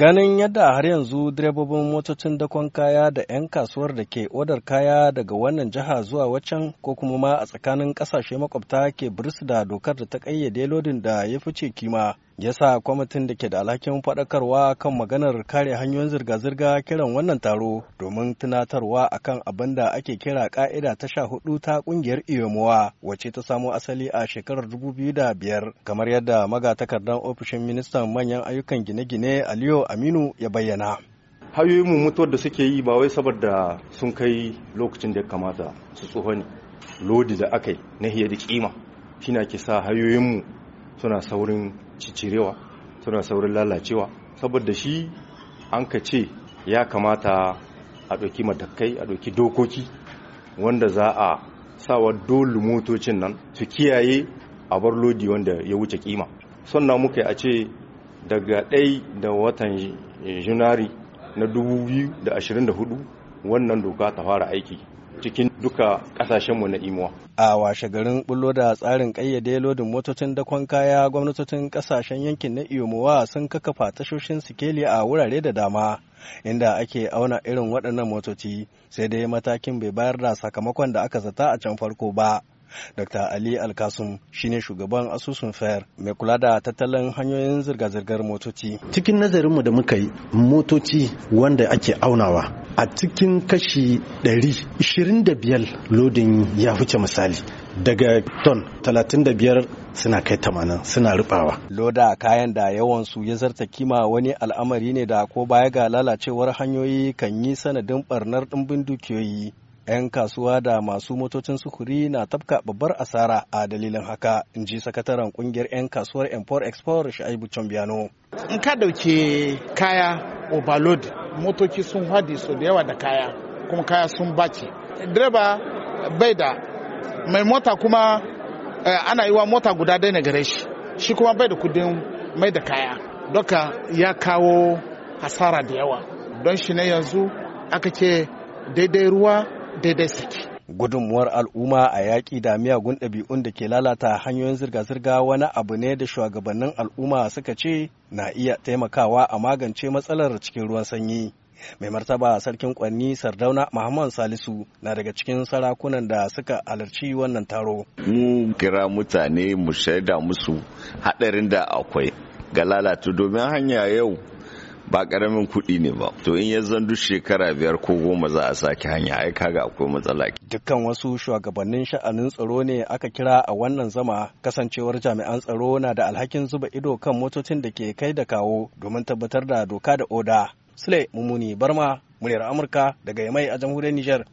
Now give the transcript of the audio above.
Ganin yadda har yanzu direbobin motocin dakon kaya da 'yan kasuwar da ke odar kaya daga wannan jiha zuwa waccan ko kuma ma a tsakanin kasashe makwabta ke birsu da dokar da ta ƙayyade lodin da ya fice kima ya sa kwamitin da ke da alhakin faɗakarwa kan maganar kare hanyoyin zirga-zirga kiran wannan taro domin tunatarwa akan abin da ake kira ka'ida ta sha hudu ta ƙungiyar iyomowa wacce ta samo asali a shekarar dubu biyu da biyar kamar yadda magatakardan ofishin ministan manyan ayyukan gine-gine aliyu aminu ya bayyana hanyoyin mutuwar da suke yi ba wai saboda sun kai lokacin da ya kamata su tsoho ne lodi da aka yi na hiyar da kima shi na ke sa hanyoyinmu suna saurin cicirewa suna saurin lalacewa saboda shi an ka ce ya kamata a ɗauki matakai a ɗauki dokoki wanda za a sawa dole motocin nan su kiyaye a bar lodi wanda ya wuce kima sannan muka a ce daga ɗai da watan junari na 2024 wannan doka ta fara aiki cikin duka kasashenmu na imuwa. A washe garin bullo da tsarin kayyade lodin motocin dakon kaya gwamnatocin kasashen yankin na imuwa sun kakafa tashoshin sikeli a wurare da dama inda ake auna irin waɗannan motoci sai dai matakin bai bayar da sakamakon da aka zata a can farko ba. Dr. Ali Alkasum shine shugaban asusun Fayar, mai kula da tattalin hanyoyin zirga-zirgar motoci. Cikin nazarinmu da muka yi motoci wanda ake aunawa a cikin kashi 125 lodin ya huce misali daga ton 35 suna kai 80 suna rubawa. Loda kayan da yawansu ya zarta kima wani al'amari ne da ko baya ga lalacewar hanyoyi kan yi sanadin barnar dimbin dukiyoyi 'yan kasuwa da masu motocin sufuri na tafka babbar asara a dalilin haka in ji sakataren kungiyar 'yan kasuwar import export sha'ibu chambiano in ka dauke kaya overload motoci sun hadi so da yawa da kaya kuma kaya sun baci direba bai da mai mota kuma eh, ana yi wa mota guda dai na gare shi shi kuma bai da kudin mai da kaya doka ya kawo hasara da yawa don shi ne yanzu aka ce daidai ruwa daidai suke gudunmuwar al'umma a yaƙi da miyagun ɗabi'un da ke lalata hanyoyin zirga-zirga wani abu ne da shugabannin al'umma suka ce na iya taimakawa a magance matsalar cikin ruwan sanyi mai martaba sarkin kwanni sardauna muhammad salisu na daga cikin sarakunan da suka halarci wannan taro mu kira mutane mu shaida musu haɗarin da akwai ga lalata domin hanya yau ba karamin kuɗi ne ba to in ya zan duk shekara biyar ko goma za a sake hanya ai kaga akwai matsala dukkan wasu shugabannin sha'anin tsaro ne aka kira a wannan zama kasancewar jami'an tsaro na da alhakin zuba ido kan motocin da ke kai da kawo domin tabbatar da doka da oda sule mummuni barma muryar amurka daga yamai a jamhuriyar niger